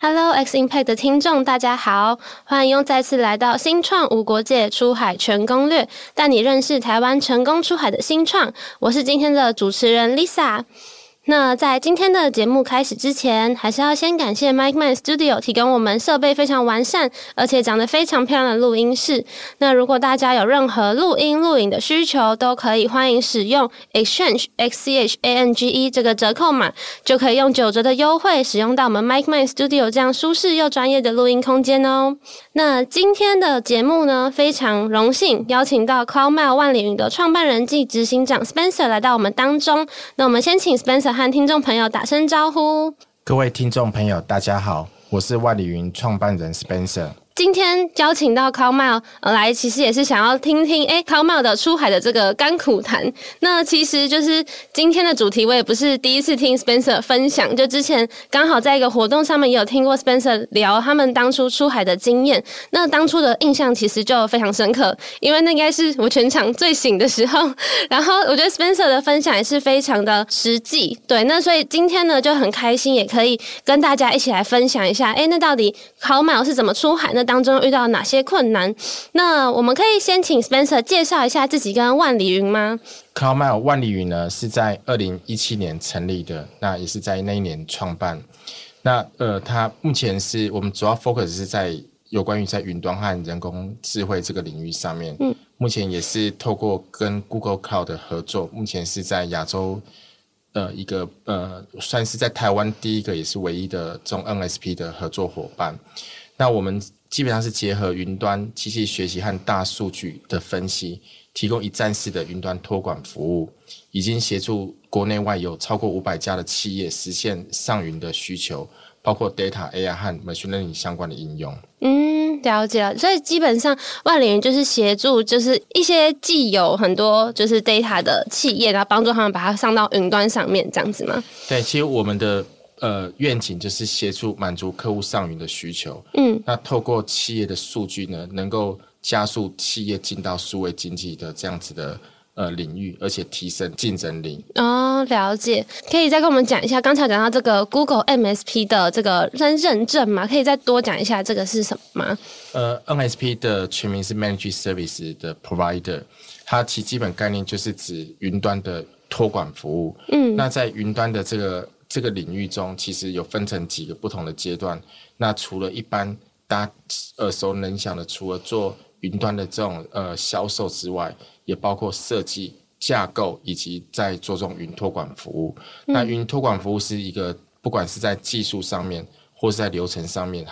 Hello，X Impact 的聽眾，大家好，歡迎再次來到《新創無國界出海全攻略》，帶你認識台灣成功出海的新創。我是今天的主持人 Lisa。那在今天的節目開始之前，還是要先感謝 MicMind Studio 提供我們設備非常完善，而且長得非常漂亮的錄音室。那如果大家有任何錄音、錄影的需求，都可以歡迎使用 XChange X C H A N G E 這個折扣碼，就可以用九折的優惠使用到我們 MicMind Studio 這樣舒適又專業的錄音空間哦。那今天的節目呢，非常榮幸邀請到 CloudMile 萬里雲的創辦人暨執行長 Spencer 來到我們當中。那我們先請 Spencer 和聽眾朋友打聲招呼。各位聽眾朋友，大家好，我是萬里雲創辦人 Spencer。今天邀請到 CloudMile 來，其實也是想要聽聽哎 CloudMile 的出海的這個甘苦談。那其實就是今天的主題，我也不是第一次聽 Spencer 分享，就之前剛好在一個活動上面也有聽過 Spencer 聊他們當初出海的經驗。那當初的印象其實就非常深刻，因為那應該是我全場最醒的時候。 然後我覺得 Spencer 的分享也是非常的實際，對。那所以今天呢就很開心，也可以跟大家一起來分享一下，哎、欸，那到底 CloudMile 是怎麼出海呢？當中遇到哪些困難？那我們可以先請 Spencer 介紹一下自己跟萬里雲嗎？CloudMile 萬里雲呢是在二零一七年成立的，那也是在那一年創辦。那呃，它目前是我們主要 focus 是在有關於在雲端和人工智慧這個領域上面。嗯，目前也是透過跟 Google Cloud 的合作，目前是在亞洲呃一個呃算是在台灣第一個也是唯一的中 M S P 的合作夥伴。那我們。基本上是結合雲端機器學習和大數據的分析，提供一站式的雲端託管服務，已經協助國內外有超過五百家的企業實現上雲的需求，包括 data AI 和 machine learning 相關的應用。嗯，了解了。所以基本上，萬里雲就是協助，就是一些既有很多就是 data 的企業，然後幫助他們把它上到雲端上面這樣子嗎？對，其實我們的。呃，願景就是協助滿足客戶上雲的需求。嗯，那透過企業的數據呢，能夠加速企業進到數位經濟的這樣子的呃領域，而且提升競爭力。哦，了解。可以再跟我們講一下，剛才講到這個 Google MSP 的這個認認證嗎？可以再多講一下這個是什麼嗎？呃，MSP 的全名是 Managed Service 的 Provider，它其基本概念就是指雲端的托管服務。嗯，那在雲端的這個。這個領域中其實有分成幾個不同的階段。那除了一般大家耳熟能詳的，除了做雲端的這種呃銷售之外，也包括設計架構以及在做這種雲託管服務。嗯。那雲託管服務是一個，不管是在技術上面或是在流程上面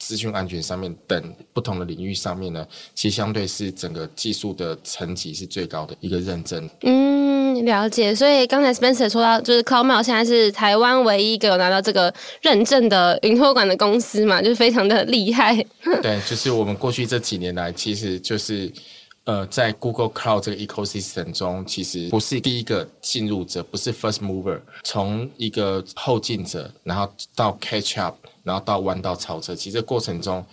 資訊安全上面等不同的領域上面呢，其實相對是整個技術的層級是最高的一個認證。嗯，了解。所以剛才 Spencer 說到，就是 CloudMile 現在是台灣唯一一個有拿到這個認證的雲托管的公司嘛，就是非常的厲害。 對，就是我們過去這幾年來，其實就是。呃，在 Google Cloud 這個 ecosystem 中，其實不是第一個進入者，不是 first mover，從一個後進者，然後到 catch up，然後到彎道超車，其實這個過程中。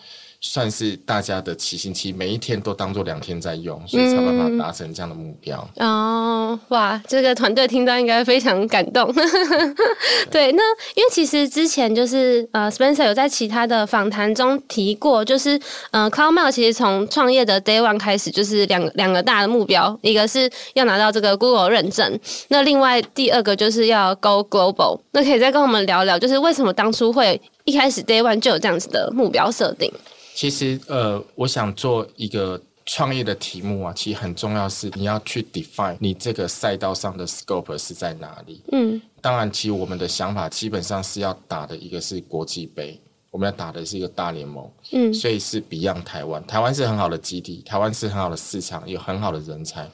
算是大家的騎行期，每一天都當做兩天在用，嗯、所以才慢慢達成這樣的目標。哦，哇，這個團隊聽到應該非常感動。 對，對，那因為其實之前就是呃，Spencer 有在其他的訪談中提過，就是呃，CloudMile 其實從創業的 Day One 開始，就是兩兩個大的目標，一個是要拿到這個 Google 認證，那另外第二個就是要 Go Global。那可以再跟我們聊聊，就是為什麼當初會一開始 Day One 就有這樣子的目標設定？其實，呃，我想做一個創業的題目啊。其實很重要是你要去 define 你這個賽道上的 scope 是在哪裡。嗯，當然，其實我們的想法基本上是要打的一個是國際杯，我們要打的是一個大聯盟。嗯，所以是 Beyond 台灣。台灣是很好的基地，台灣是很好的市場，有很好的人才。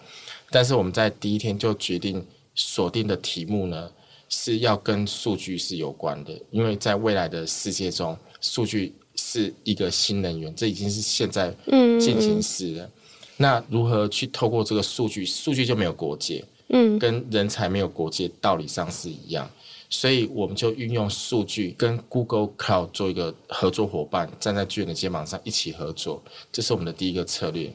但是我們在第一天就決定鎖定的題目呢，是要跟數據是有關的，因為在未來的世界中，數據。是一個新能源，這已經是現在進行時了。嗯。那如何去透過這個數據？數據就沒有國界，嗯，跟人才沒有國界，道理上是一樣。所以我們就運用數據，跟 Google Cloud 做一個合作夥伴，站在巨人的肩膀上一起合作，這是我們的第一個策略。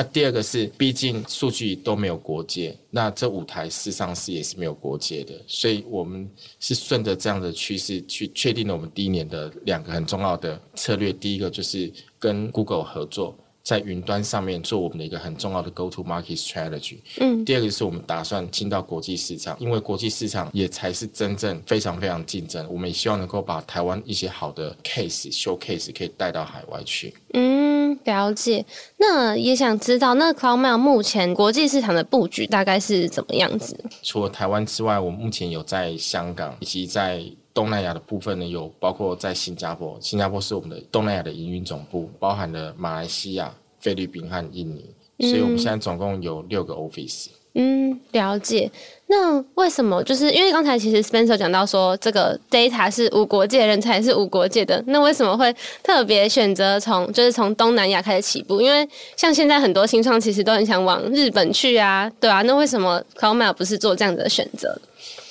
那第二個是，畢竟數據都沒有國界，那這舞台事實上是也是沒有國界的，所以我們是順着這樣的趨勢去確定了我們第一年的兩個很重要的策略。第一個就是跟 Google 合作。在雲端上面做我們的一個很重要的 go to market strategy。嗯，第二個就是我們打算進到國際市場，因為國際市場也才是真正非常非常競爭。我們也希望能夠把台灣一些好的 case showcase 可以帶到海外去。嗯，了解。那也想知道，那 CloudMile 目前國際市場的布局大概是怎麼樣子？除了台灣之外，我們目前有在香港以及在東南亞的部分呢，有包括在新加坡，新加坡是我們的東南亞的營運總部，包含了馬來西亞、菲律賓和印尼，嗯，所以我們現在總共有六個 office。嗯，了解。那為什麼？就是因為剛才其實 Spencer 講到說，這個 data 是無國界，人才是無國界的，那為什麼會特別選擇從就是從東南亞開始起步？因為像現在很多新創其實都很想往日本去啊，對啊，那為什麼 CloudMile 不是做這樣的選擇？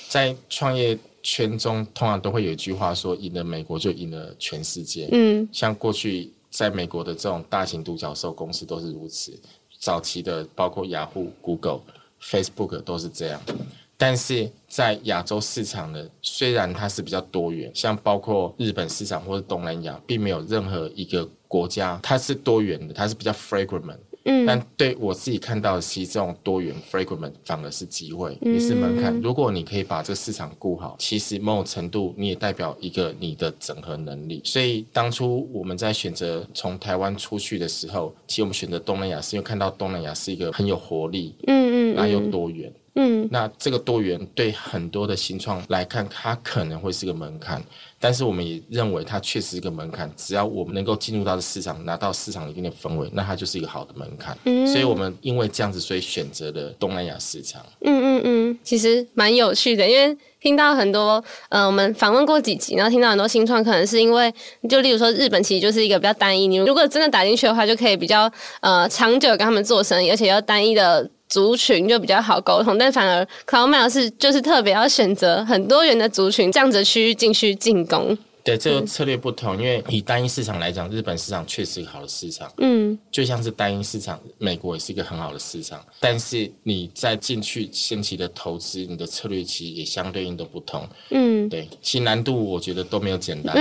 在創業。圈中通常都會有一句話說，贏了美國就贏了全世界。嗯，像過去在美國的這種大型獨角獸公司都是如此，早期的包括雅虎、Google、Facebook 都是這樣。但是在亞洲市場呢，雖然它是比較多元，像包括日本市場或者東南亞，並沒有任何一個國家它是多元的，它是比較 fragmented 嗯、但對我自己看到，其實這種多元 fragment 反而是機會，嗯，也是門檻。如果你可以把這個市場顧好，其實某種程度你也代表一個你的整合能力。所以當初我們在選擇從台灣出去的時候，其實我們選擇東南亞，是因為看到東南亞是一個很有活力，嗯嗯，還又多元。嗯嗯嗯嗯，那這個多元對很多的新創來看，它可能會是個門檻，但是我們也認為它確實是個門檻。只要我們能夠進入到的市場，拿到市場裡面的氛圍，那它就是一個好的門檻。嗯，所以我們因為這樣子，所以選擇了東南亞市場。嗯嗯嗯，其實蠻有趣的，因為聽到很多，呃，我們訪問過幾集，然後聽到很多新創，可能是因為就例如說日本其實就是一個比較單一，你如果真的打進去的話，就可以比較呃長久跟他們做生意，而且要單一的。族群就比較好溝通，但反而 CloudMile 是，就是特別要選擇很多元的族群，這樣子的區域進去進攻。對，這個策略不同，因為以單一市場來講，日本市場確實是好的市場，嗯，就像是單一市場，美國也是一個很好的市場。但是你在進去先期的投資，你的策略其實也相對應的不同，嗯，對，其難度我覺得都沒有簡單，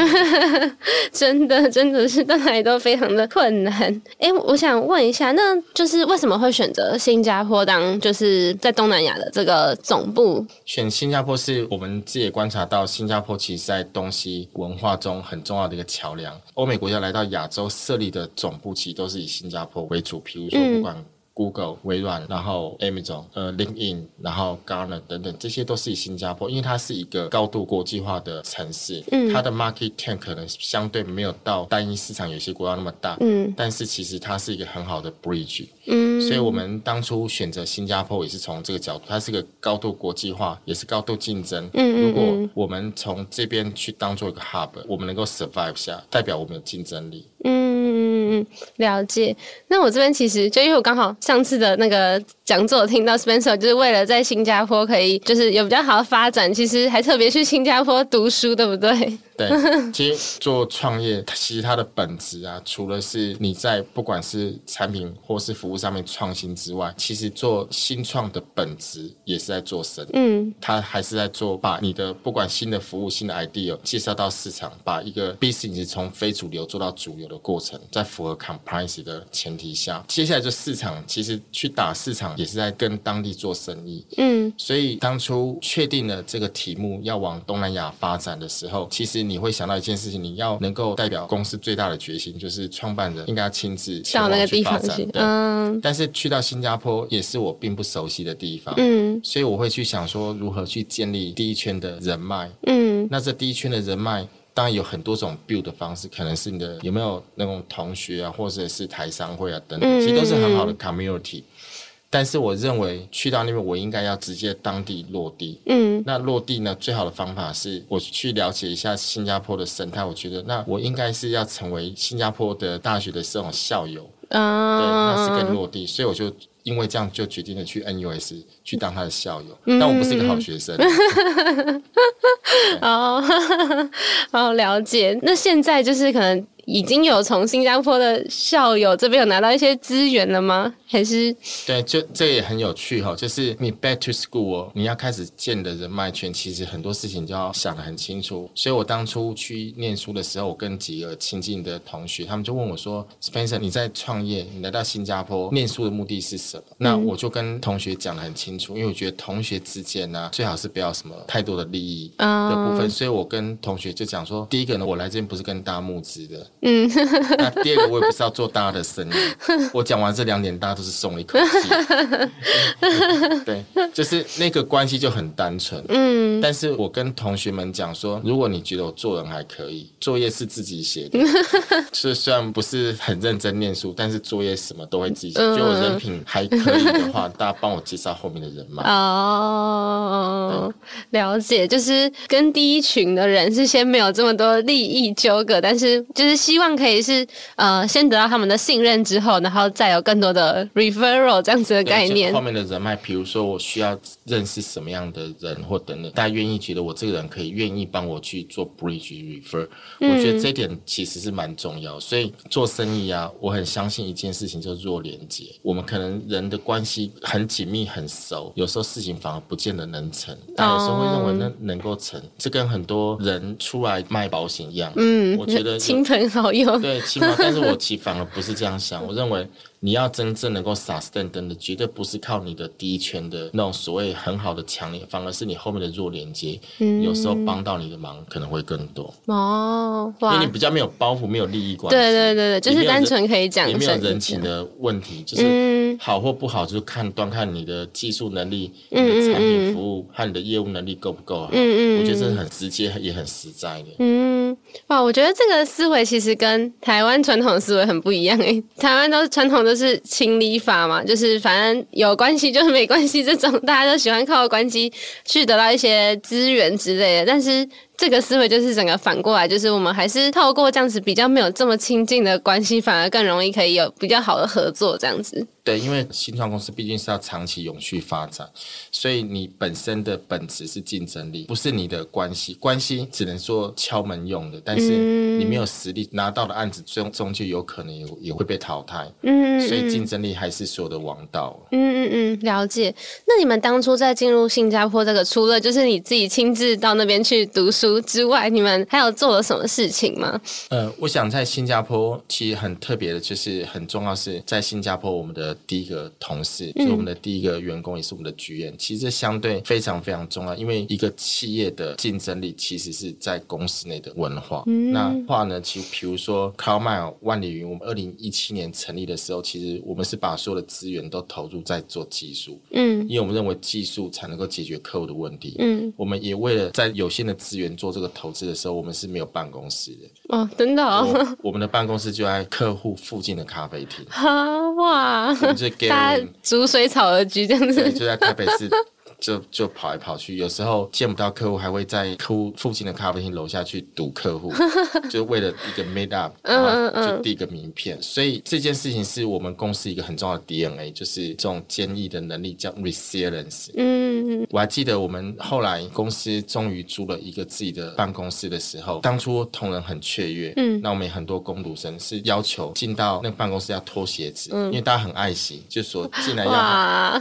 真的真的是到哪裡都非常的困難。哎，我想問一下，那就是為什麼會選擇新加坡當就是在東南亞的這個總部？選新加坡是我們自己也觀察到，新加坡其實在東西文。文化中很重要的一個橋樑，歐美國家來到亞洲設立的總部，其實都是以新加坡為主。譬如說，不管、嗯。Google、微軟，然後 Amazon 呃、呃，LinkedIn，然後 Gartner 等等，這些都是以新加坡，因為它是一個高度國際化的城市，嗯、它的 market TAM 可能相對沒有到單一市場有些國家那麼大，嗯，但是其實它是一個很好的 bridge，嗯，所以我們當初選擇新加坡也是從這個角度，它是一個高度國際化，也是高度競爭，嗯、如果我們從這邊去當做一個 hub，我們能夠 survive 下，代表我們有競爭力，嗯，了解。那我這邊其實就因為我剛好。上次的那個。講座聽到 Spencer，就是為了在新加坡可以就是有比較好的發展，其實還特別去新加坡讀書，對不對？對，其實做創業，其實它的本質啊，除了是你在不管是產品或是服務上面創新之外，其實做新創的本質也是在做生意。嗯，它還是在做把你的不管新的服務、新的 idea 介紹到市場，把一個 business 從非主流做到主流的過程，在符合 compromise 的前提下，接下來就市場，其實去打市場。也是在跟當地做生意，嗯，所以當初確定了這個題目要往東南亞發展的時候，其實你會想到一件事情，你要能夠代表公司最大的決心，就是創辦人應該要親自前往去發展。到那個地方去，嗯。但是去到新加坡也是我並不熟悉的地方，嗯，所以我會去想說如何去建立第一圈的人脈，嗯。那這第一圈的人脈當然有很多種 build 的方式，可能是你的有沒有那種同學啊，或者是台商會啊等等，其實都是很好的 community。但是我認為去到那邊，我應該要直接當地落地。嗯，那落地呢，最好的方法是，我去了解一下新加坡的生態。我覺得，那我應該是要成為新加坡的大學的這種校友。啊、嗯，對，那是更落地。所以我就因為這樣，就決定了去 NUS 去當他的校友。嗯、但我不是一個好學生。哦、嗯， 好，好了解。那現在就是可能，已經有從新加坡的校友這邊有拿到一些資源了嗎？還是對，這這也很有趣哈、哦。就是你 back to school，、哦、你要開始建的人脈圈，其實很多事情就要想得很清楚。所以我當初去念書的時候，我跟幾個親近的同學，他們就問我說：“Spencer，你在創業，你來到新加坡念書的目的是什麼？”嗯、那我就跟同學講得很清楚，因為我覺得同學之間呢、啊，最好是不要什麼太多的利益的部分、嗯。所以我跟同學就講說，第一個呢，我來這邊不是跟大家募資的。嗯， 那第二個我也不是要做大家的生意， 我講完這兩點，大家都是鬆了一口氣。 對，就是那個關係就很單純。嗯，但是我跟同學們講說，如果你覺得我做人還可以，作業是自己寫的，是 雖然不是很認真念書，但是作業什麼都會自己寫。就我人品還可以的話， 大家幫我介紹後面的人嘛。哦、oh,，了解，就是跟第一群的人是先沒有這麼多利益糾葛，但是就是希。希望可以是呃，先得到他們的信任之後，然後再有更多的 referral 這樣子的概念。後面的人脈，比如說我需要認識什麼樣的人，或等等，大家願意覺得我這個人可以願意幫我去做 bridge refer，、嗯、我覺得這點其實是蠻重要。所以做生意啊，我很相信一件事情，就是弱連接。我們可能人的關係很緊密、很熟，有時候事情反而不見得能成，但有時候會認為能、哦、能夠成，這跟很多人出來賣保險一樣。嗯，我覺得好用對，起碼。但是我其實反而不是這樣想。 我認為你要真正能夠 sustain 的，絕對不是靠你的第一圈的那種所謂很好的強連，反而是你後面的弱連接，嗯、有時候幫到你的忙可能會更多。哦哇，因為你比較沒有包袱，沒有利益關係。對對對對，就是單純可以講，也沒有人情的問題，就是好或不好，就是看端看你的技術能力、嗯、你的產品服務和你的業務能力夠不夠好。嗯，嗯嗯，我覺得這是很直接也很實在的。嗯。哇，我覺得這個思維其實跟台灣傳統思維很不一樣誒、欸，台灣都是傳統都是情理法嘛，就是反正有關係就是沒關係這種，大家都喜歡靠關係去得到一些資源之類的，但是。這個思維就是整個反過來，就是我們還是透過這樣子比較沒有這麼親近的關係，反而更容易可以有比較好的合作這樣子。對，因為新創公司畢竟是要長期永續發展，所以你本身的本質是競爭力，不是你的關係。關係只能說敲門用的，但是你沒有實力拿到的案子，最終就有可能也也會被淘汰。嗯，所以競爭力還是所有的王道。嗯，嗯嗯嗯，了解。那你們當初在進入新加坡這個，除了就是你自己親自到那邊去讀書。之外，你們還有做了什麼事情嗎？呃，我想在新加坡其實很特別的，就是很重要是在新加坡我們的第一個同事，是、嗯、我們的第一個員工，也是我們的局員，其實這相對非常非常重要。因為一個企業的競爭力，其實是在公司內的文化。嗯、那話呢，其實比如說 CloudMile 萬里雲，我們二零一七年成立的時候，其實我們是把所有的資源都投入在做技術，嗯，因為我們認為技術才能夠解決客戶的問題。嗯，我們也為了在有限的資源。做這個投資的時候，我們是沒有辦公室的。哦，真的哦，我們的辦公室就在客戶附近的咖啡廳。哈 哇，就是逐水草而居這樣子， 就在台北市。 就就跑來跑去，有時候見不到客戶，還會在客戶附近的咖啡廳樓下去堵客戶， 就為了一個 made up，uh, uh, uh. 然後就遞個名片。所以這件事情是我們公司一個很重要的 DNA，就是這種堅毅的能力叫 resilience。嗯，我還記得我們後來公司終於租了一個自己的辦公室的時候，當初同仁很雀躍，嗯，那我們有很多工讀生是要求進到那個辦公室要脫鞋子，嗯，因為大家很愛惜，就說進來要，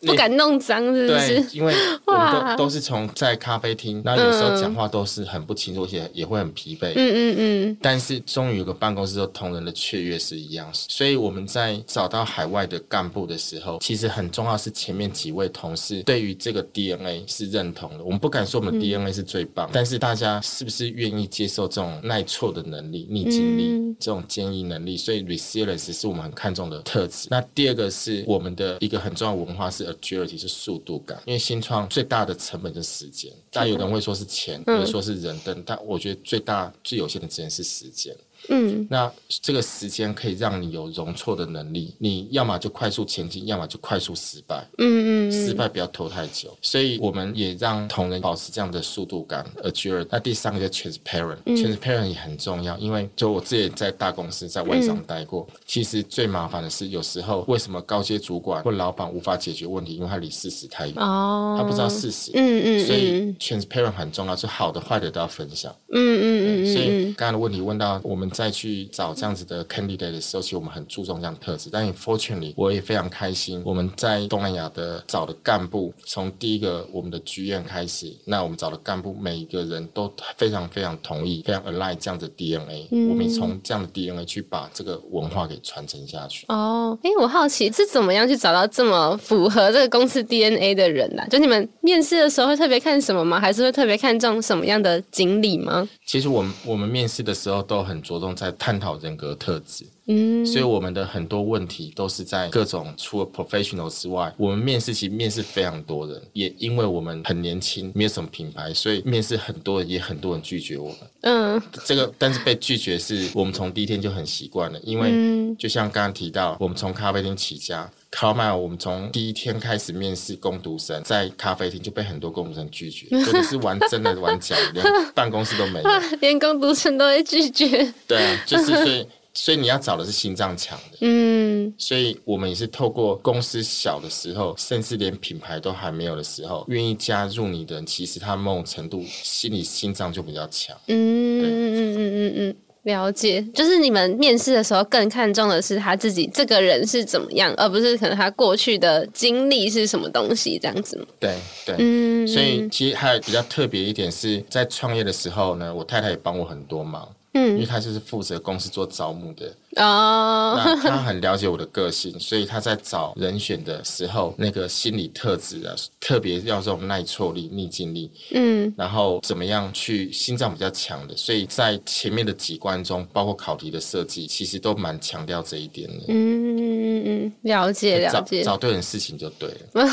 不敢弄髒是，是。對哎、因為我們都都是從在咖啡廳，那有時候講話都是很不清楚，嗯、而且也會很疲憊。嗯嗯嗯。但是終於有個辦公室，同仁的雀躍是一樣。所以我們在找到海外的幹部的時候，其實很重要是前面幾位同事對於這個 DNA 是認同的。我們不敢說我們 DNA 是最棒、嗯，但是大家是不是願意接受這種耐挫的能力、逆境力、嗯、這種堅毅能力？所以 resilience 是我們很看重的特質。那第二個是我們的一個很重要文化是 agility，是速度。因為新創最大的成本是時間，但有人會說是錢，有、嗯、人說是人等、嗯，但我覺得最大最有限的資源是時間。嗯，那這個時間可以讓你有容錯的能力，你要麼就快速前進，要麼就快速失敗。嗯嗯，失敗不要拖太久。所以我們也讓同仁保持這樣的速度感。Agile。那第三個，transparent，transparent、嗯、transparent 也很重要，因為就我自己在大公司、在外商待過、嗯，其實最麻煩的是有時候為什麼高階主管或老闆無法解決問題，因為他離事實太遠，哦，他不知道事實、嗯。嗯嗯。所以 transparent 很重要，是好的、壞的都要分享。嗯嗯嗯。所以剛剛的問題問到我們。再去找這樣子的 candidate 的時候，其實我們很注重這樣的特質。但 fortunately，我也非常開心，我們在東南亞的找的幹部，從第一個我們的劇院開始，那我們找的幹部，每一個人都非常非常同意，非常 align 這樣子 DNA、嗯。我們從這樣的 DNA 去把這個文化給傳承下去。哦，哎、欸，我好奇是怎麼樣去找到這麼符合這個公司 DNA 的人呢、啊？就你們面試的時候會特別看什麼嗎？還是會特別看重什麼樣的經歷嗎？其實我們我們面試的時候都很着。活動在探討人格特質，嗯，所以我們的很多問題都是在各種除了 professional 之外，我們面試其實面試非常多人，也因為我們很年輕，沒有什麼品牌，所以面試很多人也很多人拒絕我們，嗯，這個但是被拒絕是我們從第一天就很習慣了，因為就像剛剛提到，我們從咖啡廳起家。考曼，我們從第一天開始面試工讀生，在咖啡廳就被很多工讀生拒絕，真 的是玩真的玩假的，連辦公室都沒有， 連工讀生都會拒絕。 對，就是所以，所以你要找的是心臟強的。嗯。所以，我們也是透過公司小的時候，甚至連品牌都還沒有的時候，願意加入你的人，其實他某種程度，心理心臟就比較強。嗯嗯嗯嗯嗯嗯。嗯嗯嗯了解，就是你們面試的時候更看重的是他自己這個人是怎麼樣，而不是可能他過去的經歷是什麼東西這樣子。對對嗯嗯，所以其實還比較特別一點是在創業的時候呢，我太太也幫我很多忙，嗯，因為她就是負責公司做招募的。哦、oh. 那他很了解我的個性，所以他在找人選的時候，那個心理特質啊，特別要這種耐挫力、逆境力，嗯，然後怎麼樣去心臟比較強的，所以在前面的幾關中，包括考題的設計，其實都蠻強調這一點的。嗯嗯，嗯了解了解，欸找，找對人，事情就對了。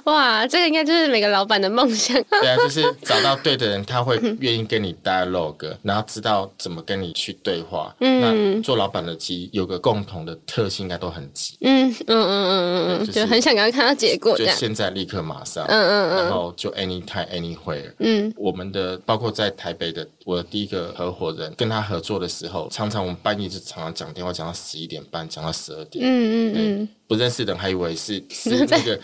哇，這個應該就是每個老板的夢想。 對啊，就是找到對的人，他會願意跟你 dialogue，然後知道怎麼跟你去對話。嗯。做老闆的急，有個共同的特性，應該都很急。嗯嗯嗯嗯嗯嗯、就是，就很想趕快看到結果。就現在立刻馬上。嗯嗯嗯，然後就 anytime anywhere。嗯，我們的包括在台北的。我的第一個合夥人跟他合作的時候，常常我們半夜就常常講電話，講到十一點半，講到十二點。嗯嗯嗯，不認識的人還以為是是那個是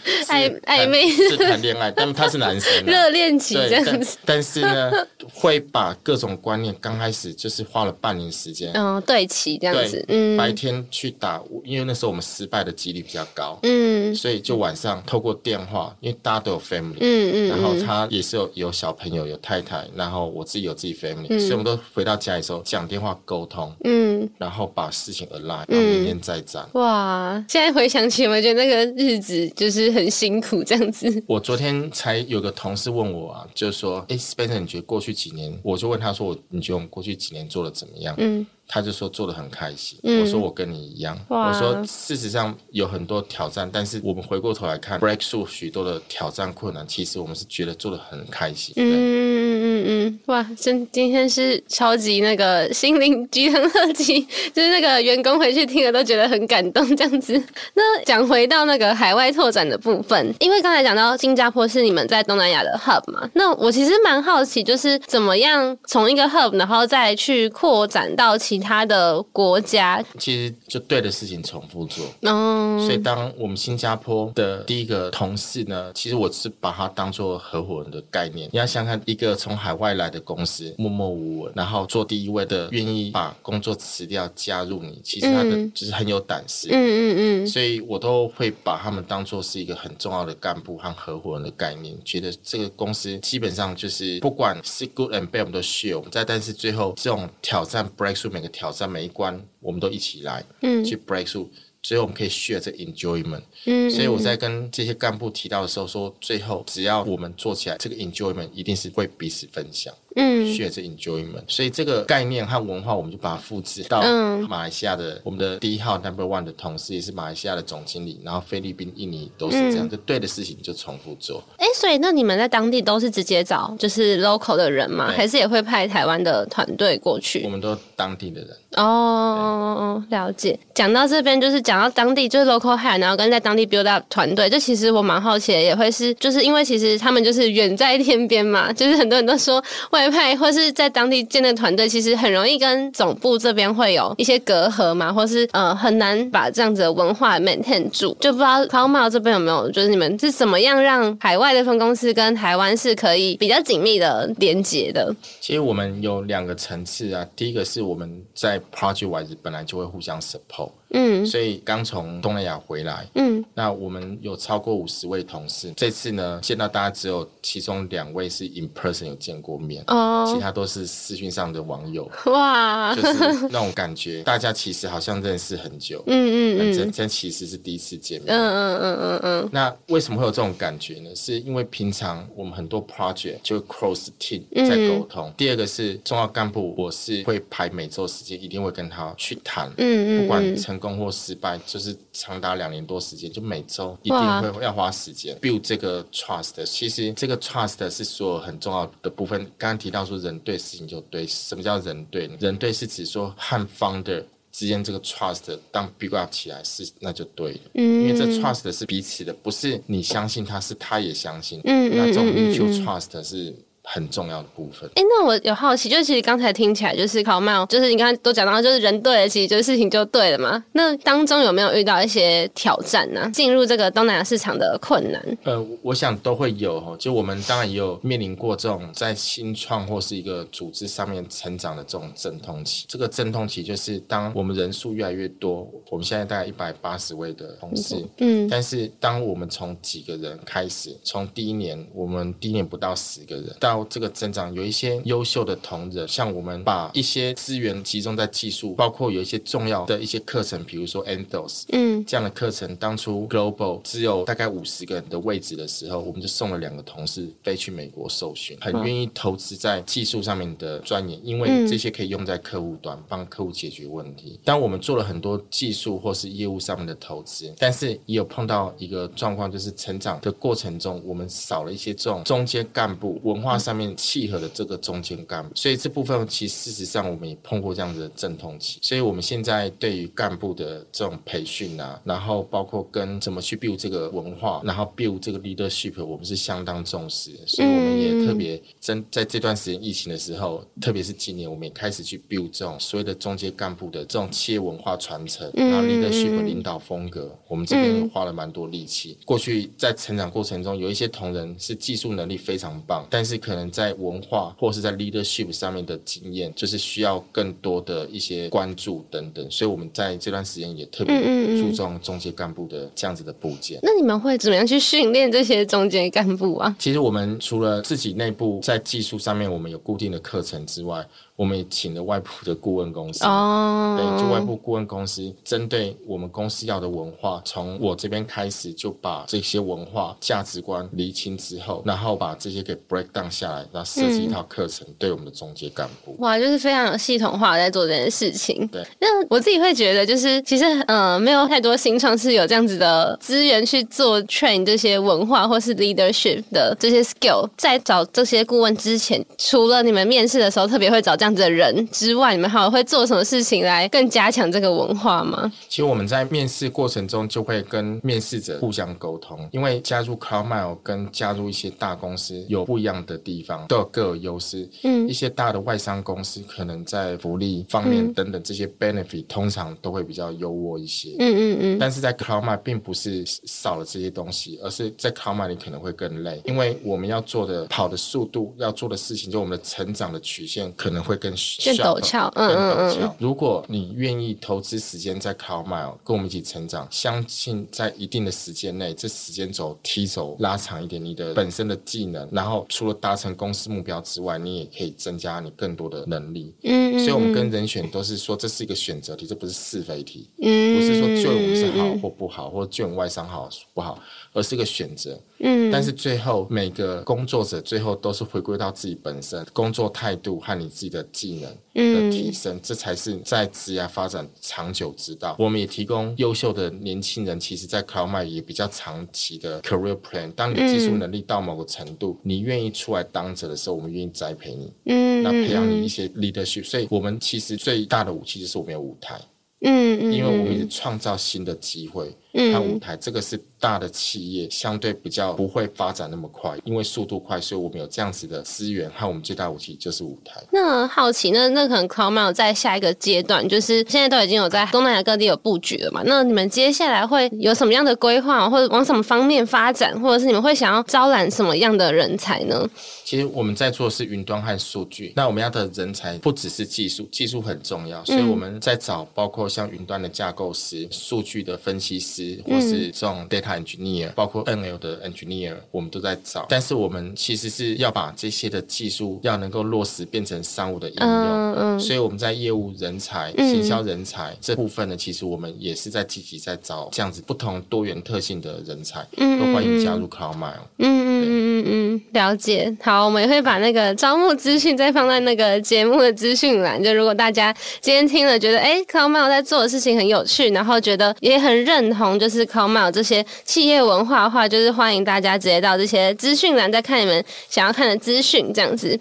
曖昧，是談戀愛，但是他是男生、啊，熱戀期這樣子但。但是呢， 會把各種觀念剛開始就是花了半年時間，嗯、哦，對齊這樣子。嗯，白天去打，因為那時候我們失敗的幾率比較高，嗯，所以就晚上透過電話，因為大家都有 family，嗯嗯，然後他也是有有小朋友，有太太，然後我自己有自己 family。所以我們都回到家的時候，講電話溝通，嗯，然後把事情 align，然後明天再講、嗯。哇，現在回想起，我覺得那個日子就是很辛苦這樣子。我昨天才有個同事問我啊，就是說，哎、欸、，Spencer，你覺得過去幾年，我就問他說，你覺得我們過去幾年做的怎麼樣？嗯。他就說做的很開心、嗯，我說我跟你一樣，我說事實上有很多挑戰，但是我們回過頭來看，breakthrough 許多的挑戰困難，其實我們是覺得做的很開心。對，嗯嗯嗯嗯，哇，真，今天是超級那個心靈雞湯特輯，就是那個員工回去聽了都覺得很感動這樣子。那講回到那個海外拓展的部分，因為剛才講到新加坡是你們在東南亞的 hub 嘛，那我其實蠻好奇，就是怎麼樣從一個 hub 然後再去擴展到其其他的國家，其實就對的事情重複做，嗯，所以當我們新加坡的第一個同事呢，其實我是把他當做合夥人的概念。你要想看一個從海外來的公司默默無聞，然後做第一位的，願意把工作辭掉加入你，其實他的、嗯、就是很有膽識。嗯嗯嗯，所以我都會把他們當做是一個很重要的幹部和合夥人的概念。覺得這個公司基本上就是不管是 good and bad，我們都 share 我們在，但是最後這種挑戰 break through 挑戰每一關，我們都一起來，嗯，去 break through。所以我們可以 share 這 enjoyment。嗯嗯。所以我在跟這些幹部提到的時候說，說最後只要我們做起來，這個 enjoyment 一定是會彼此分享。嗯，學着 enjoyment，所以這個概念和文化，我們就把它複製到馬來西亞的我們的第一號 number one 的同事、嗯，也是馬來西亞的總經理，然後菲律賓、印尼都是這樣，嗯，就對的事情就重複做。哎，欸，所以那你們在當地都是直接找就是 local 的人嘛，還是也會派台灣的團隊過去？我們都當地的人。哦，了解。講到這邊，就是講到當地，就是 local head 然後跟在當地 build up 團隊。就其實我蠻好奇的，也會是就是因為其實他們就是遠在天邊嘛，就是很多人都說為。或是在當地建的團隊，其實很容易跟總部這邊會有一些隔閡嘛，或是呃很難把這樣子的文化 maintain 住，就不知道 CloudMile 這邊有沒有，就是你們是怎麼樣讓海外的分公司跟台灣是可以比較緊密的連結的？其實我們有兩個層次啊，第一個是我們在 Project Wise 本來就會互相 support。嗯，所以剛從東南亞回來，嗯，那我們有超過五十位同事，這次呢見到大家只有其中兩位是 in person 有見過面，哦，其他都是視訊上的網友，哇，就是那種感覺， 大家其實好像認識很久，嗯嗯嗯，但這這其實是第一次見面，嗯嗯嗯嗯嗯，那為什麼會有這種感覺呢？是因為平常我們很多 project 就 cross team 在溝通，嗯嗯、第二個是重要幹部，我是會排每周時間，一定會跟他去談，嗯嗯，不管成功。或失敗就是長達兩年多時間，就每周一定會要花時間 build 這個 trust。其實這個 trust 是所有很重要的部分。剛剛提到說人對事情就對，什麼叫人對？人對是指說和 founder 之間這個 trust 當 build up 起來是，那就對了。嗯，因為這 trust 是彼此的，不是你相信他，是他也相信。嗯，那、嗯嗯、這種 mutual trust 是很重要的部分。哎，那我有好奇，就是其實剛才聽起來就是 CloudMile，就是你剛才都講到，就是人對得其實就是事情就對了嘛。那當中有沒有遇到一些挑戰呢、啊？進入這個東南亞市場的困難？呃，我想都會有。就我們當然也有面臨過這種在新創或是一個組織上面成長的這種陣痛期。這個陣痛期就是當我們人數越來越多，我們現在大概一百八十位的同事，嗯，但是當我們從幾個人開始，從第一年我們第一年不到十個人到這個增長有一些優秀的同仁，像我們把一些資源集中在技術，包括有一些重要的一些課程，比如說 Anthos，嗯，這樣的課程，當初 Global 只有大概五十個人的位置的時候，我們就送了兩個同事飛去美國受訓，很願意投資在技術上面的專業，因為這些可以用在客戶端幫客戶解決問題。當、嗯、我們做了很多技術或是業務上面的投資，但是也有碰到一個狀況，就是成長的過程中，我們少了一些這種中間幹部文化。上面契合的這個中間幹部，所以這部分其實事實上我們也碰過這樣子的陣痛期。所以我們現在對於幹部的這種培訓啊，然後包括跟怎麼去 build 這個文化，然後 build 這個 leadership，我們是相當重視。所以我們也特別真在這段時間疫情的時候，特別是今年，我們也開始去 build 這種所謂的中間幹部的這種企業文化傳承，然後 leadership 領導風格，我們這邊也花了蠻多力氣。過去在成長過程中，有一些同仁是技術能力非常棒，但是可能。在文化或者是在 leadership 上面的經驗，就是需要更多的一些關注等等，所以我們在這段時間也特別注重中間幹部的這樣子的佈建。那你們會怎麼樣去訓練這些中間幹部啊？其實我們除了自己內部在技術上面，我們有固定的課程之外，我們也請了外部的顧問公司，oh. 對，就外部顧問公司針對我們公司要的文化，從我這邊開始就把這些文化價值觀釐清之後，然後把這些給 break down 下來，然後設計一套課程，對我們的中階幹部、嗯。哇，就是非常有系統化在做這件事情。對，那我自己會覺得，就是其實嗯、呃，沒有太多新創是有這樣子的資源去做 train 這些文化或是 leadership 的這些 skill，在找這些顧問之前，除了你們面試的時候特別會找這樣。的人之外，你們還會做什麼事情來更加強這個文化嗎？其實我們在面試過程中就會跟面試者互相溝通，因為加入 CloudMile 跟加入一些大公司有不一樣的地方，都有各有優勢。嗯，一些大的外商公司可能在福利方面等等這些 benefit 通常都會比較優渥一些。嗯嗯嗯，嗯。但是在 CloudMile 並不是少了這些東西，而是在 CloudMile 可能會更累，因為我們要做的跑的速度要做的事情，就我們的成長的曲線可能會。更陡峭，嗯嗯嗯。如果你願意投資時間在 CloudMile，跟我們一起成長，相信在一定的時間內，這時間軸提軸拉長一點，你的本身的技能，然後除了達成公司目標之外，你也可以增加你更多的能力。嗯，所以我們跟人選都是說，這是一個選擇題，這不是是非題，嗯、不是說就我們是好或不好，或就外商好不好，而是一個選擇。嗯，但是最後每個工作者最後都是回歸到自己本身工作態度和你自己的。技能的提升，嗯、這才是在職涯發展長久之道。我們也提供優秀的年輕人，其實在 CloudMile 也比較長期的 career plan。當你的技術能力到某個程度，嗯，你願意出來當者的時候，我們願意栽培你。嗯，那培養你一些 leadership。所以，我們其實最大的武器就是我們有舞台。嗯，因為我們也創造新的機會。和舞台，嗯，這個是大的企業相對比較不會發展那麼快，因為速度快，所以我們有這樣子的資源。和我們最大的武器就是舞台。那好奇，那那可能 CloudMile 在下一個階段，就是現在都已經有在東南亞各地有佈局了嘛？那你們接下來會有什麼樣的規劃，或者往什麼方面發展，或者是你們會想要招攬什麼樣的人才呢？其實我們在做的是雲端和數據，那我們要的人才不只是技術，技術很重要，所以我們在找包括像雲端的架構師、數據的分析師。或是這種 data engineer、嗯、包括 N L 的 engineer，我們都在找。但是我們其實是要把這些的技術要能夠落實變成商務的應用、嗯，所以我們在業務人才、嗯、行銷人才這部分呢，其實我們也是在積極在找這樣子不同多元特性的人才，嗯、都歡迎加入 CloudMile。嗯嗯嗯嗯嗯，了解。好，我們也會把那個招募資訊再放在那個節目的資訊欄。就如果大家今天聽了覺得，哎、欸、CloudMile 在做的事情很有趣，然後覺得也很認同，就是 CloudMile 這些企業文化的話，就是歡迎大家直接到這些資訊欄，再看你們想要看的資訊，這樣子。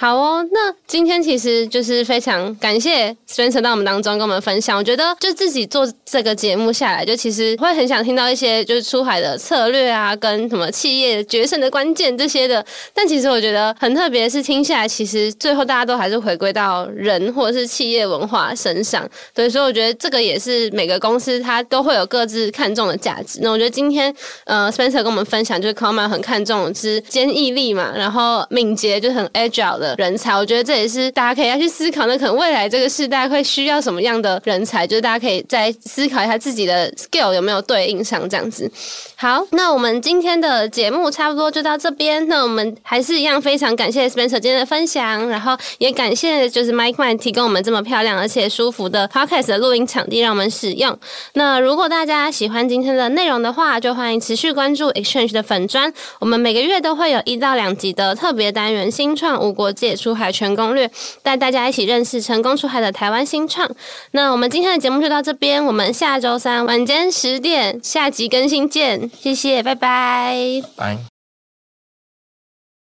好哦，那今天其實就是非常感謝 Spencer 到我們當中跟我們分享。我覺得就自己做這個節目下來，就其實會很想聽到一些就是出海的策略啊，跟什麼企業決勝的關鍵這些的。但其實我覺得很特別，是聽下來，其實最後大家都還是回歸到人或者是企業文化身上。對，所以我覺得這個也是每個公司它都會有各自看重的價值。那我覺得今天呃 Spencer 跟我們分享，就是 CloudMile 很看重的是堅毅力嘛，然後敏捷就很 Agile 的。人才，我覺得這也是大家可以要去思考的。可能未來這個時代會需要什麼樣的人才，就是大家可以再思考一下自己的 skill 有沒有對應上這樣子。好，那我們今天的節目差不多就到這邊。那我們還是一樣非常感謝 Spencer 今天的分享，然後也感謝就是 MicMind 提供我們這麼漂亮而且舒服的 Podcast 的錄音場地讓我們使用。那如果大家喜歡今天的內容的話，就歡迎持續關注 XChange 的粉專。我們每個月都會有一到兩集的特別單元，新創無國。界，出海全攻略，帶大家一起認識成功出海的台灣新創。那我們今天的節目就到這邊，我們下周三晚間十點下集更新見，謝謝，拜拜，拜。